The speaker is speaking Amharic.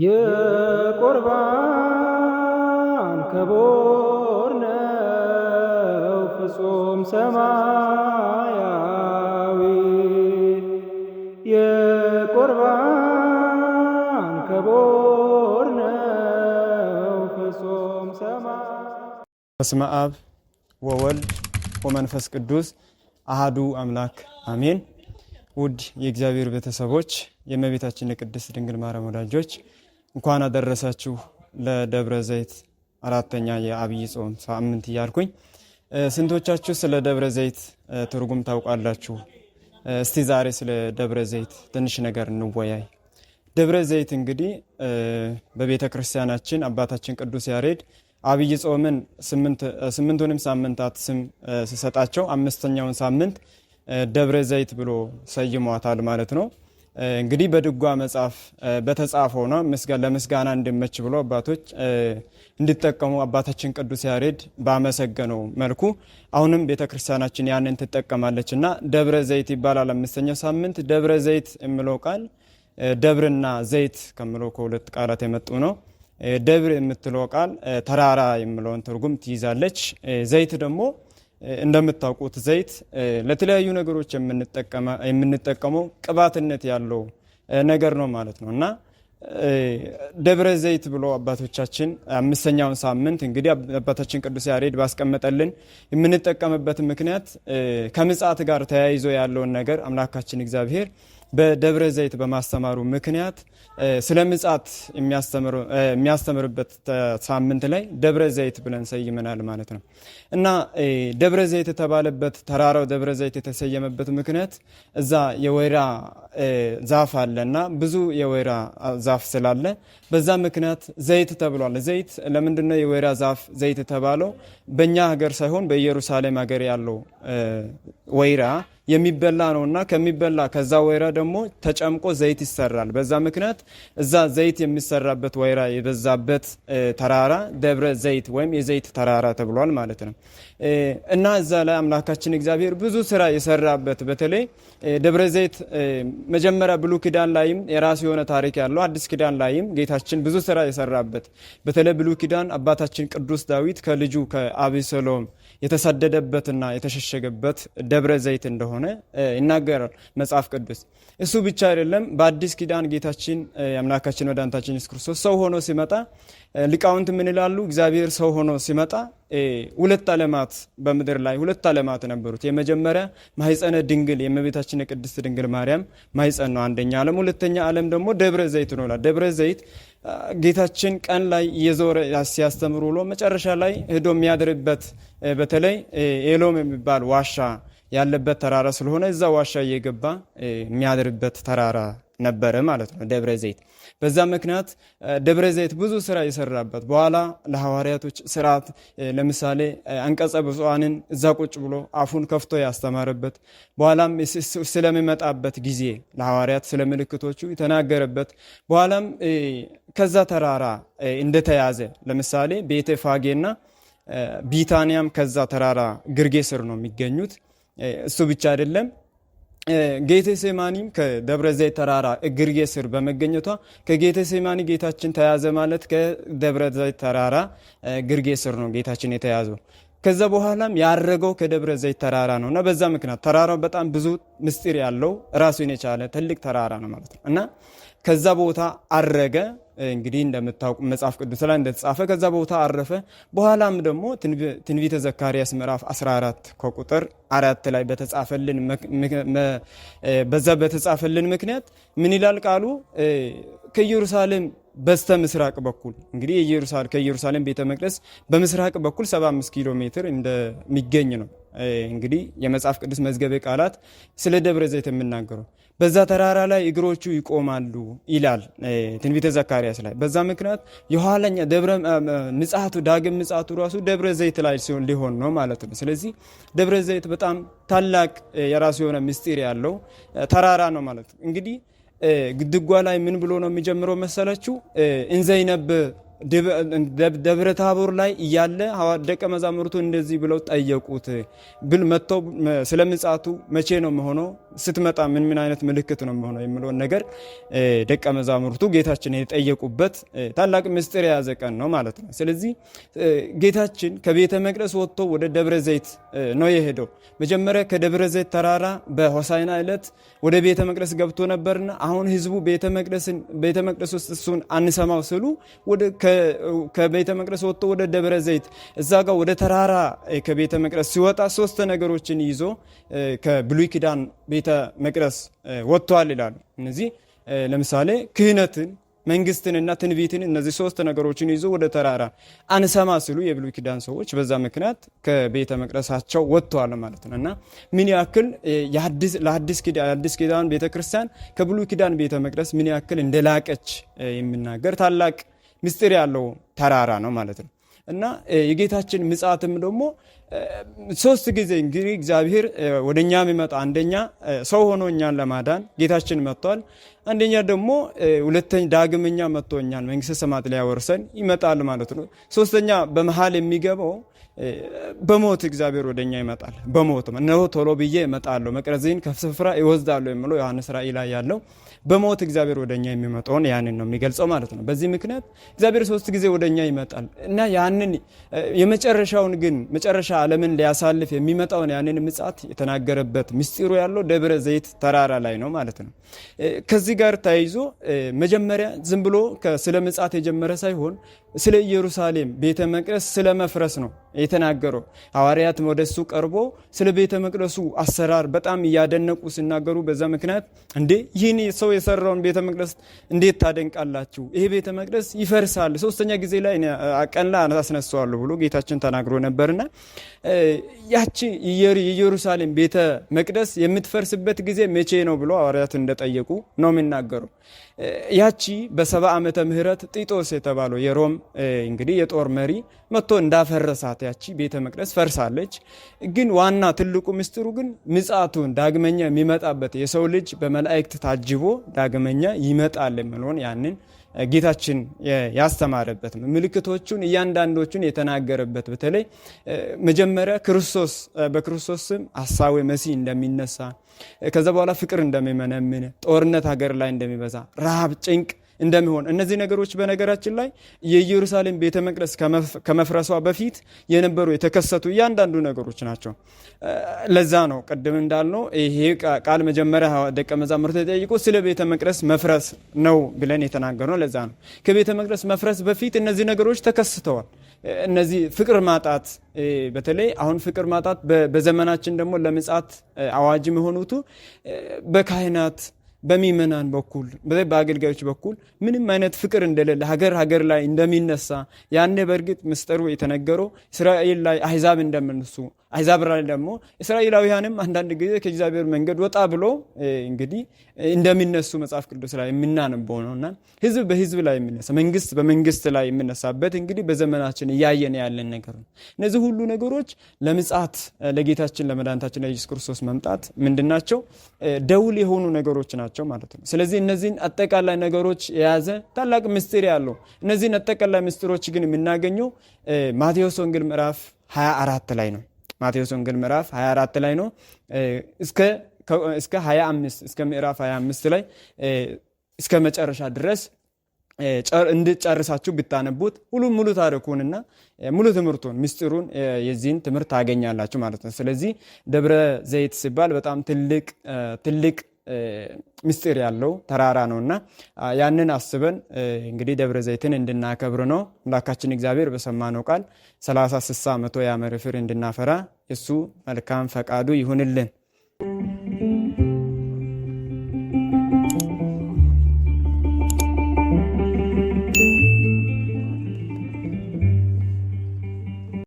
የቁርባን ከቦር ነው ፍጹም ሰማያዊ የቁርባን ከቦር ነው ፍጹም ሰማያዊ። በስመ አብ ወወልድ ወመንፈስ ቅዱስ አሃዱ አምላክ አሜን። ውድ የእግዚአብሔር ቤተሰቦች የእመቤታችን የቅድስት ድንግል ማርያም ወዳጆች እንኳን አደረሳችሁ ለደብረ ዘይት አራተኛ የአብይ ጾም ሳምንት እያልኩኝ። ስንቶቻችሁ ስለ ደብረ ዘይት ትርጉም ታውቃላችሁ? እስቲ ዛሬ ስለ ደብረ ዘይት ትንሽ ነገር እንወያይ። ደብረ ዘይት እንግዲህ በቤተ ክርስቲያናችን አባታችን ቅዱስ ያሬድ አብይ ጾምን ስምንቱንም ሳምንታት ስም ሲሰጣቸው አምስተኛውን ሳምንት ደብረ ዘይት ብሎ ሰይሟታል ማለት ነው። እንግዲህ በድጓ መጽሐፍ በተጻፈው ነው ለምስጋና እንድመች ብሎ አባቶች እንዲጠቀሙ አባታችን ቅዱስ ያሬድ ባመሰገነው መልኩ አሁንም ቤተክርስቲያናችን ያንን ትጠቀማለች እና ደብረ ዘይት ይባላል። አምስተኛው ሳምንት ደብረ ዘይት የምለው ቃል ደብርና ዘይት ከምለው ከሁለት ቃላት የመጡ ነው። ደብር የምትለው ቃል ተራራ የምለውን ትርጉም ትይዛለች። ዘይት ደግሞ እንደምታውቁት ዘይት ለተለያዩ ነገሮች የምንጠቀመው ቅባትነት ያለው ነገር ነው ማለት ነው እና ደብረ ዘይት ብሎ አባቶቻችን አምስተኛውን ሳምንት እንግዲህ አባታችን ቅዱስ ያሬድ ባስቀመጠልን የምንጠቀምበት ምክንያት ከምጽአት ጋር ተያይዞ ያለውን ነገር አምላካችን እግዚአብሔር በደብረ ዘይት በማስተማሩ ምክንያት ስለ ምጻት የሚያስተምርበት ሳምንት ላይ ደብረ ዘይት ብለን ሰይመናል ማለት ነው እና ደብረ ዘይት የተባለበት ተራራው ደብረ ዘይት የተሰየመበት ምክንያት እዛ የወይራ ዛፍ አለ እና ብዙ የወይራ ዛፍ ስላለ በዛ ምክንያት ዘይት ተብሏል። ዘይት ለምንድነው የወይራ ዛፍ ዘይት የተባለው? በእኛ ሀገር ሳይሆን በኢየሩሳሌም ሀገር ያለው ወይራ የሚበላ እና ከሚበላ ከዛ ወይራ ደግሞ ተጨምቆ ዘይት ይሰራል። በዛ ምክንያት እዛ ዘይት የሚሰራበት ወይራ የበዛበት ተራራ ደብረ ዘይት ወይም የዘይት ተራራ ተብሏል ማለት ነው እና እዛ ላይ አምላካችን እግዚአብሔር ብዙ ስራ የሰራበት በተለይ ደብረ ዘይት መጀመሪያ ብሉ ኪዳን ላይም የራሱ የሆነ ታሪክ ያለው አዲስ ኪዳን ላይም ጌታችን ብዙ ስራ የሰራበት በተለይ ብሉ ኪዳን አባታችን ቅዱስ ዳዊት ከልጁ ከአቤሰሎም የተሰደደበትና የተሸሸገበት ደብረ ዘይት እንደሆነ እንደሆነ ይናገራል መጽሐፍ ቅዱስ። እሱ ብቻ አይደለም፣ በአዲስ ኪዳን ጌታችን አምላካችን መድኃኒታችን ኢየሱስ ክርስቶስ ሰው ሆኖ ሲመጣ ሊቃውንት ምን ይላሉ? እግዚአብሔር ሰው ሆኖ ሲመጣ ሁለት ዓለማት በምድር ላይ ሁለት ዓለማት ነበሩት። የመጀመሪያ ማህፀነ ድንግል የእመቤታችን የቅድስት ድንግል ማርያም ማህፀን ነው አንደኛ ዓለም። ሁለተኛ ዓለም ደግሞ ደብረ ዘይት ነው። ደብረ ዘይት ጌታችን ቀን ላይ እየዞረ ሲያስተምሩ ውሎ መጨረሻ ላይ ሄዶ የሚያድርበት በተለይ ኤሎም የሚባል ዋሻ ያለበት ተራራ ስለሆነ እዛ ዋሻ እየገባ የሚያድርበት ተራራ ነበረ ማለት ነው ደብረ ዘይት። በዛ ምክንያት ደብረ ዘይት ብዙ ስራ የሰራበት በኋላ ለሐዋርያቶች ስርዓት ለምሳሌ አንቀጸ ብፁዓንን እዛ ቁጭ ብሎ አፉን ከፍቶ ያስተማረበት በኋላም ስለሚመጣበት ጊዜ ለሐዋርያት ስለ ምልክቶቹ የተናገረበት በኋላም ከዛ ተራራ እንደተያዘ ለምሳሌ ቤተ ፋጌና ቢታንያም ከዛ ተራራ ግርጌ ስር ነው የሚገኙት። እሱ ብቻ አይደለም ጌቴሴማኒም ከደብረ ዘይት ተራራ እግርጌ ስር በመገኘቷ ከጌቴሴማኒ ጌታችን ተያዘ ማለት ከደብረ ዘይት ተራራ እግርጌ ስር ነው ጌታችን የተያዘው። ከዛ በኋላም ያረገው ከደብረ ዘይት ተራራ ነው እና በዛ ምክንያት ተራራው በጣም ብዙ ምስጢር ያለው ራሱን የቻለ ትልቅ ተራራ ነው ማለት ነው እና ከዛ ቦታ አረገ። እንግዲህ እንደምታውቁ መጽሐፍ ቅዱስ ላይ እንደተጻፈ ከዛ ቦታ አረፈ። በኋላም ደግሞ ትንቢተ ዘካርያስ ምዕራፍ 14 ከቁጥር አራት ላይ በተጻፈልን በዛ በተጻፈልን ምክንያት ምን ይላል ቃሉ? ከኢየሩሳሌም በስተ ምስራቅ በኩል እንግዲህ ከኢየሩሳሌም ቤተ መቅደስ በምስራቅ በኩል 75 ኪሎ ሜትር እንደሚገኝ ነው እንግዲህ የመጽሐፍ ቅዱስ መዝገበ ቃላት ስለ ደብረ ዘይት የምናገረው በዛ ተራራ ላይ እግሮቹ ይቆማሉ ይላል ትንቢተ ዘካርያስ ላይ። በዛ ምክንያት የኋለኛ ደብረ ምጽአቱ ዳግም ምጽአቱ ራሱ ደብረ ዘይት ላይ ሊሆን ነው ማለት ነው። ስለዚህ ደብረ ዘይት በጣም ታላቅ የራሱ የሆነ ምስጢር ያለው ተራራ ነው ማለት ነው። እንግዲህ ግድጓ ላይ ምን ብሎ ነው የሚጀምረው መሰለችው እንዘይነብ ደብረ ታቦር ላይ እያለ ደቀ መዛሙርቱ እንደዚህ ብለው ጠየቁት ብል መጥተው ስለ ምጻቱ መቼ ነው የሚሆነው? ስትመጣ ምን ምን አይነት ምልክት ነው የሚሆነው የሚለውን ነገር ደቀ መዛሙርቱ ጌታችን የጠየቁበት ታላቅ ምስጢር የያዘ ቀን ነው ማለት ነው። ስለዚህ ጌታችን ከቤተ መቅደስ ወጥቶ ወደ ደብረ ዘይት ነው የሄደው። መጀመሪያ ከደብረ ዘይት ተራራ በሆሳይና ዕለት ወደ ቤተ መቅደስ ገብቶ ነበርና አሁን ህዝቡ ቤተ መቅደስ ውስጥ እሱን አንሰማው ስሉ ከቤተ መቅደስ ወጥቶ ወደ ደብረ ዘይት እዛ ጋር ወደ ተራራ ከቤተ መቅደስ ሲወጣ ሶስት ነገሮችን ይዞ ከብሉይ ኪዳን ቤተ መቅደስ ወጥቷል ይላሉ። እነዚህ ለምሳሌ ክህነትን፣ መንግስትንና ትንቢትን እነዚህ ሶስት ነገሮችን ይዞ ወደ ተራራ አንሰማ ሲሉ የብሉይ ኪዳን ሰዎች በዛ ምክንያት ከቤተ መቅደሳቸው ወጥተዋል ማለት ነው እና ምን ያክል ለአዲስ ኪዳን ቤተክርስቲያን ከብሉይ ኪዳን ቤተ መቅደስ ምን ያክል እንደላቀች የሚናገር ታላቅ ምስጢር ያለው ተራራ ነው ማለት ነው። እና የጌታችን ምጽአትም ደግሞ ሶስት ጊዜ እንግዲህ እግዚአብሔር ወደ እኛ የሚመጣ አንደኛ ሰው ሆኖ እኛን ለማዳን ጌታችን መጥቷል። አንደኛ ደግሞ ሁለተኛ ዳግመኛ መጥቶኛል እኛን መንግስተ ሰማያት ላይ ያወርሰን ይመጣል ማለት ነው። ሶስተኛ በመሀል የሚገባው በሞት እግዚአብሔር ወደኛ ይመጣል። በሞት እነሆ ቶሎ ብዬ እመጣለሁ መቅረዝህን ከስፍራ ይወስዳለሁ የሚለው ዮሐንስ ራእይ ላይ ያለው በሞት እግዚአብሔር ወደኛ የሚመጣውን ያንን ነው የሚገልጸው ማለት ነው። በዚህ ምክንያት እግዚአብሔር ሶስት ጊዜ ወደኛ ይመጣል እና ያንን የመጨረሻውን ግን መጨረሻ ዓለምን ሊያሳልፍ የሚመጣውን ያንን ምጽአት የተናገረበት ምስጢሩ ያለው ደብረ ዘይት ተራራ ላይ ነው ማለት ነው ከዚህ ከዚህ ጋር ተያይዞ መጀመሪያ ዝም ብሎ ስለ ምጽአት የጀመረ ሳይሆን ስለ ኢየሩሳሌም ቤተ መቅደስ ስለ መፍረስ ነው የተናገረው። ወደ ወደሱ ቀርቦ ስለ ቤተ መቅደሱ አሰራር በጣም እያደነቁ ሲናገሩ በዛ ምክንያት እንዴ ይህን ሰው የሰራውን ቤተ መቅደስ እንዴት ታደንቃላችሁ? ይሄ ቤተ መቅደስ ይፈርሳል፣ ሶስተኛ ጊዜ ላይ አቀላ አስነሳዋለሁ ብሎ ጌታችን ተናግሮ ነበርና ያቺ የኢየሩሳሌም ቤተ መቅደስ የምትፈርስበት ጊዜ መቼ ነው ብሎ ሐዋርያት እንደጠየቁ ነው የሚናገሩ። ያቺ በሰባ ዓመተ ምህረት ጢጦስ የተባለው የሮም እንግዲህ የጦር መሪ መጥቶ እንዳፈረሳት ያቺ ቤተ መቅደስ ፈርሳለች። ግን ዋና ትልቁ ምስጢሩ ግን ምጻቱን ዳግመኛ የሚመጣበት የሰው ልጅ በመላእክት ታጅቦ ዳግመኛ ይመጣል የምንሆን ያንን ጌታችን ያስተማረበት ነው። ምልክቶቹን እያንዳንዶቹን የተናገረበት በተለይ መጀመሪያ ክርስቶስ በክርስቶስ ስም ሐሳዌ መሲህ እንደሚነሳ ከዛ በኋላ ፍቅር እንደሚመነምን ጦርነት ሀገር ላይ እንደሚበዛ ረሃብ፣ ጭንቅ እንደሚሆን እነዚህ ነገሮች በነገራችን ላይ የኢየሩሳሌም ቤተ መቅደስ ከመፍረሷ በፊት የነበሩ የተከሰቱ እያንዳንዱ ነገሮች ናቸው። ለዛ ነው ቅድም እንዳልነው ይሄ ቃል መጀመሪያ ደቀ መዛሙርት ተጠይቆ ስለ ቤተ መቅደስ መፍረስ ነው ብለን የተናገር ነው። ለዛ ነው ከቤተ መቅደስ መፍረስ በፊት እነዚህ ነገሮች ተከስተዋል። እነዚህ ፍቅር ማጣት በተለይ አሁን ፍቅር ማጣት በዘመናችን ደግሞ ለምጻት አዋጅ መሆኑቱ በካህናት በሚመናን በኩል በተለይ በአገልጋዮች በኩል ምንም አይነት ፍቅር እንደሌለ ሀገር ሀገር ላይ እንደሚነሳ ያኔ በእርግጥ ምስጢሩ የተነገረው እስራኤል ላይ አሕዛብ እንደምንሱ አሕዛብ ደግሞ እስራኤላውያንም አንዳንድ ጊዜ ከእግዚአብሔር መንገድ ወጣ ብሎ እንግዲህ እንደሚነሱ መጽሐፍ ቅዱስ ላይ የምናነበው ነው እና ህዝብ በህዝብ ላይ የሚነሳ መንግስት በመንግስት ላይ የምነሳበት እንግዲህ በዘመናችን እያየን ያለን ነገር ነው። እነዚህ ሁሉ ነገሮች ለምጻት ለጌታችን ለመድኃኒታችን ለኢየሱስ ክርስቶስ መምጣት ምንድን ናቸው? ደውል የሆኑ ነገሮች ናቸው ማለት ነው። ስለዚህ እነዚህን አጠቃላይ ነገሮች የያዘ ታላቅ ምስጢር ያለው እነዚህን አጠቃላይ ምስጢሮች ግን የምናገኘው ማቴዎስ ወንጌል ምዕራፍ 24 ላይ ነው። ማቴዎስ ወንጌል ምዕራፍ 24 ላይ ነው እስከ 25 እስከ ምዕራፍ 25 ላይ እስከ መጨረሻ ድረስ እንድጨርሳችሁ ብታነቡት ሁሉ ሙሉ ታሪኩንና ሙሉ ትምህርቱን ምስጢሩን የዚህን ትምህርት ታገኛላችሁ ማለት ነው። ስለዚህ ደብረ ዘይት ሲባል በጣም ትልቅ ምስጢር ያለው ተራራ እና ያንን አስበን እንግዲህ ደብረ ዘይትን እንድናከብር ነው። አምላካችን እግዚአብሔር በሰማነው ቃል 36 ስሳ መቶ ያመረ ፍሬ እንድናፈራ እሱ መልካም ፈቃዱ ይሁንልን።